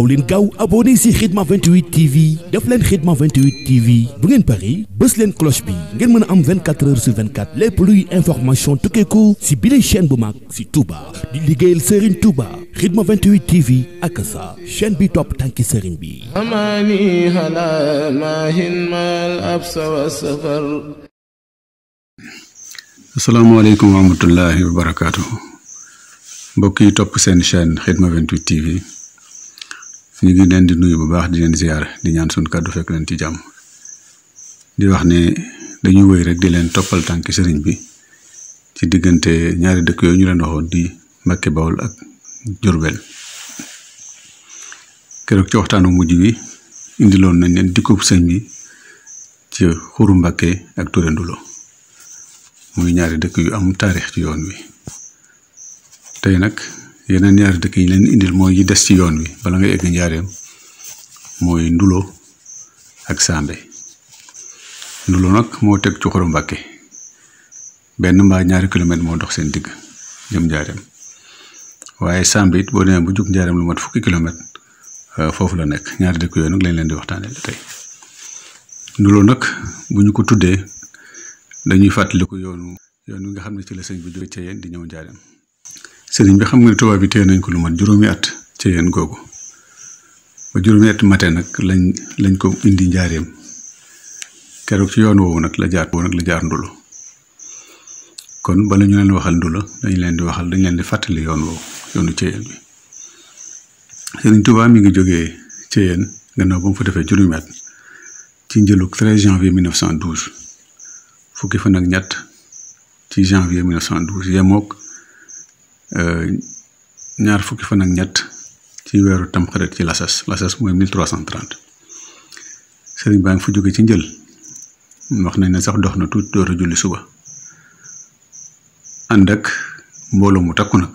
aw leen gaaw abonné si Khidma 28 TV def leen Khidma 28 TV bu ngeen pari bës leen cloche bi ngeen mën a am 24 heures sur 24 lépp luy information tukkeeku si bile chaîne bu mag si Touba di liggéeyal Serigne Touba Khidma 28 TV ak sa chaîne bi topp tànki Serigne bi amani hala mahin mal absa wa yi topp seen chaîne Khidma 28 TV ñu ngi leen di nuyu bu baax di leen ziar di ñaan suñu kàddu fekk leen ci jàmm di wax ne dañuy wéy rek di leen toppal tànki sëriñ bi ci diggante ñaari dëkk yooyu ñu leen waxoon di Mbàkke Bawol ak Jurbel keroog ci waxtaanu mujj bi indiloon nañ leen dikkub sëñ bi ci xuru Mbàkke ak Touré Ndulo muy ñaari dëkk yu am taarix ci yoon wi tey nag yeneen ñaari dëkk yi leen indil mooy yi des ci yoon wi bala nga egg njaareem mooy ndulo ak saambe ndulo nag moo teg ci xuru mbàkke benn mbaa ñaari kilomètre moo dox seen digg jëm njaareem waaye saambe it boo demee bu jug njaareem lu mat fukki kilomètre euh, foofu la nekk ñaari dëkk yooyu nag lañ leen di waxtaanee tey ndulo nag bu ñu ko tuddee dañuy fàttaliku yoonu yoon wi nga xam ne ci la sëñ bu jóge ca yéen di ñëw njaareem sëriñ bi xam nga ne tubaab bi téye nañ ko lu mat juróomi at ci yéen googu ba juróomi at mate nag lañ lañ ko indi njaareem keroog ci yoon woowu nag la jaar woo nag la jaar kon bala ñu leen waxal ndula dañ leen di waxal dañ leen di fàttali yoon woowu yoonu ci bi sëriñ Tuubaa mi ngi jógee ci yéen gannaaw ba mu fa defee juróomi at ci njëlug 13 janvier 1912 fukki fan ak ñett ci janvier 1912 yemook Euh, ñaar fukki fan ak ñett ci weeru tamxarit ci lasas lasas mooy 1330 sëriñ baa ngi fa jóge ci njël wax nañ ne sax dox na tuuti door a julli suba ànd ak mbooloo mu takku nag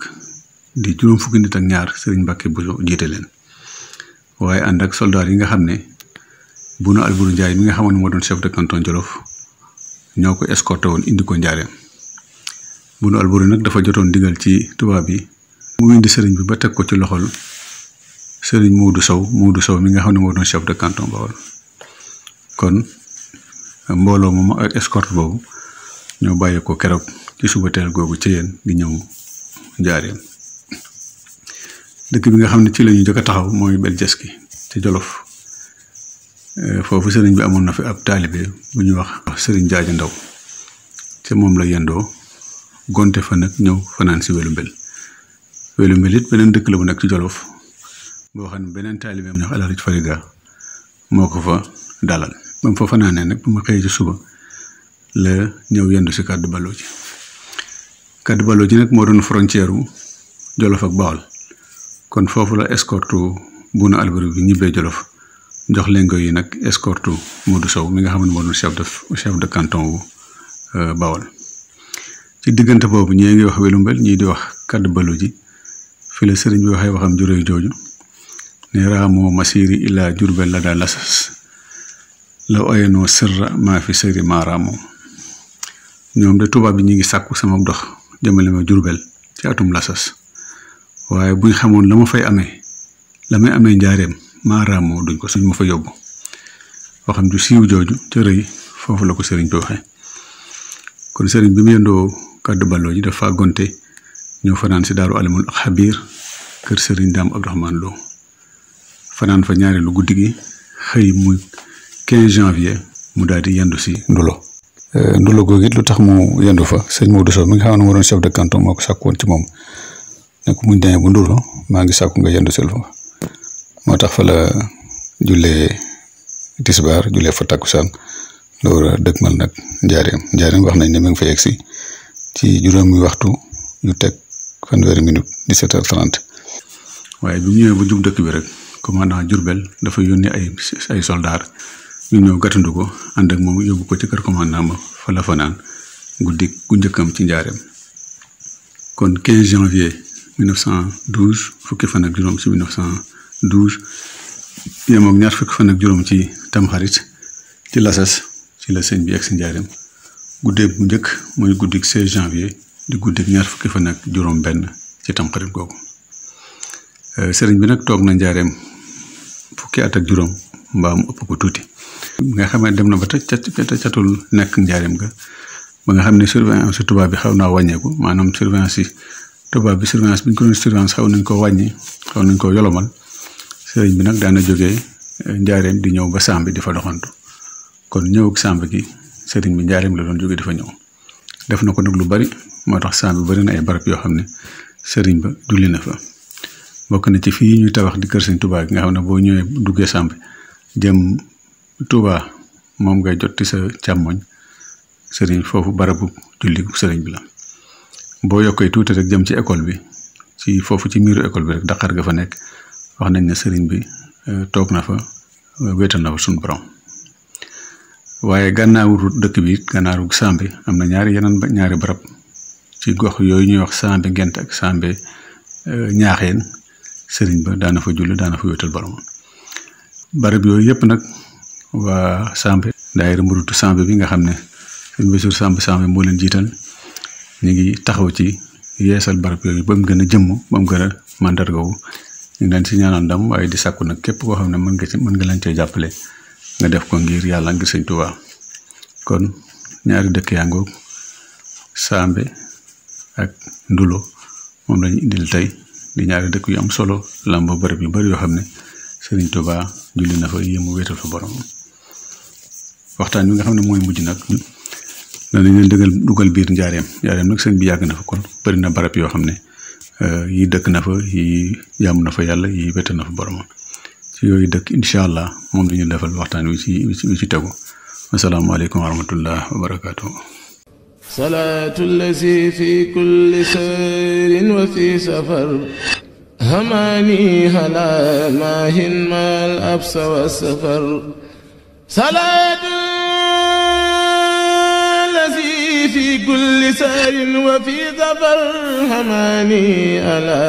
di juróom fukki nit ak ñaar sëriñ Mbàkke bu jiite leen waaye ànd ak soldaar yi nga xam ne bu Bouna Alboury njaay mi nga xamoon moo doon chef de canton Jolof ñoo ko escorté woon indi ko njaareem bu Bunu Alburi nag dafa jotoon digal ci tubaab yi mu indi sëriñ bi ba teg ko ci loxol sëriñ Moodu saw Moodu saw mi nga xam ne moo doon chef de canton kon mbooloo moom ak escorte boobu ñoo bàyyi ko keroog ci suba teel googu ci yéen ñëw jaareem dëkk bi nga xam ne ci la ñu jëkk a taxaw mooy Beljeski ci Jolof eh, foofu sëriñ bi amoon na fi ab taalibe bu ñu wax sëriñ Jaaja Ndaw te moom la yendoo gonte fa nag ñëw fanaan si welu mbel welu mbel it beneen dëkk la bu nekk ci jolof boo xam ne beneen taalibe ñox alaraj fariga moo ko fa dalal ba mu fa fanaanee nag ba ma xëyee ci suba la ñëw yendu si kàddu baloo ji kàddu baloo ji nag moo doon frontière u jolof ak bawol kon foofu la escorte Bouna Alboury bi ñibbee jolof jox lengo yi nag escorte du Sow mi nga xam ne moo doon chef de chef de canton wu euh, Bawol ci diggante boobu ñee ngi wax welumbel ñii di wax kaddu balu ji fi la sëriñ bi waxee waxam juróoy jooju ne raamoo masiri illaa jurbel la daal lasas la oyenoo sërra maa fi sëri maa raamoo ñoom de tubaab bi ñu ngi sàkku sama dox jëmale ma jurbel ci atum lasas waaye buñ xamoon la ma fay amee la may amee njaareem maa raamoo duñ ko suñ ma fa yóbbu waxam ju siiw jooju ca rëy foofu la ko sëriñ bi waxee kon sëriñ bi mu yëndoo kaddu balloo ji dafa gonte ñoo fanaan si daaru alimul xabiir kër sëriñ daam abdourahman Lo fanaan fa ñaareelu guddi gi xëy mu 15 janvier mu daal di yendu si ndulo euh, ndulo googu it lu tax mu yendu fa sëñ Maodo Sow mi nga xam ne moo doon de canton moo ko sàkk woon ci moom ne ko muñ demee bu ndulo maa ngi sàkku nga yendu sil fa moo tax fa la jullee tisbaar jullee fa takkusaan loolu dëgmal nag njaareem njaareem wax nañ ne mi ngi fa yegg si ci juróomi waxtu ñu teg fanweeri minute waaye bi mu ñëwee ba jub dëkk bi rek commandant Diourbel dafa yónni ay ay soldaar ñu ñëw gàttandu ko ànd ak moom yóbbu ko ci kër commandant ma fa la fanaan guddi gu njëkkam ci njaareem kon 15 janvier 1912 fukki fan juróom ci 1912 yem ak ñaar fukki fan ak juróom ci tamxarit ci lasas ci la sëñ bi egg si njaareem guddeeg bu njëkk mooy guddi 16 janvier di guddik ñaar fukki fan ak juróom-benn ci tamxarit googu euh, sëriñ bi nag toog na njaareem fukki at ak juróom mbaa mu ëpp ko tuuti. nga xam ne dem na ba te ca catul nekk njaareem ga ba nga xam ne surveillance si tubaab bi xaw naa wàññeeku maanaam surveillance si tubaab bi surveillance bi ñu ko doon surveillance xaw nañ koo wàññi xaw nañ koo yolomal sëriñ bi nag daana jóge euh, njaareem di ñëw ba sàmbi di fa doxantu kon ñëwug sàmbi gi sëriñ bi njaareem la doon jóge dafa ñëw def na ko nag lu bari moo tax saam bari na ay barab yoo xam ne sëriñ ba julli na fa bokk na ci fii ñuy tabax di kër sëñ Touba bi nga xam ne boo ñëwee duggee sàmb jëm Touba moom ngay jot ci sa càmmoñ sëriñ foofu barabu julli sëriñ bi la boo yokkee tuuti rek jëm ci école bi ci foofu ci miiru école bi rek daqaar ga fa nekk wax nañ ne sëriñ bi euh, toog na fa wéetal na fa suñu borom waaye gànnaawu dëkk bi it gànnaaru Sambe am na ñaari yeneen ñaari barab ci gox yooyu ñuy wax Sambe Ngent ak Sambe euh, ñaaxeen sëriñ ba daana fa julli daana fa wéetal borom barab yooyu yëpp nag waa Sambe daayira mburutu Sambe bi nga xam ne sëriñ Bassirou Sambe Sambe moo leen jiital ñu ngi taxaw ci yeesal barab yooyu ba mu gën a jëmm ba mu gën a màndargawu ñu ngi leen si ñaanal ndam waaye di sàkku nag képp koo xam ne mën nga ci mën nga leen cee jàppale nga def ko ngir yàlla ngir sëñ Tuubaa kon ñaari dëkk yaa ngoog Saambe ak Ndulo moom lañu indil tey di ñaari dëkk yu am solo lamba bërëb yu bari yoo xam ne sëriñ Tuubaa julli na fa yéemu wéetal fa borom waxtaan bi nga xam ne mooy mujj nag danañ leen dëggal dugal biir njaareem njaareem nag sëñ bi yàgg na fa kon bëri na barab yoo xam ne euh, yi dëkk na fa yii jaamu na fa yàlla yii wéetal na fa boromam ci yooyu dëkk incha allah moom la ñu defal waxtaan wi ci wi ci tegu asalaamaaleykum wa rahmatullah wa barakaatuhu salaatu llazi fi kulli sayrin wa fi safar hamani hala maahin mal absa wa safar salaatu llazi fi kulli sayrin wa fi safar hamani hala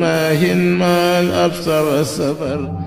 maahin mal absa wa safar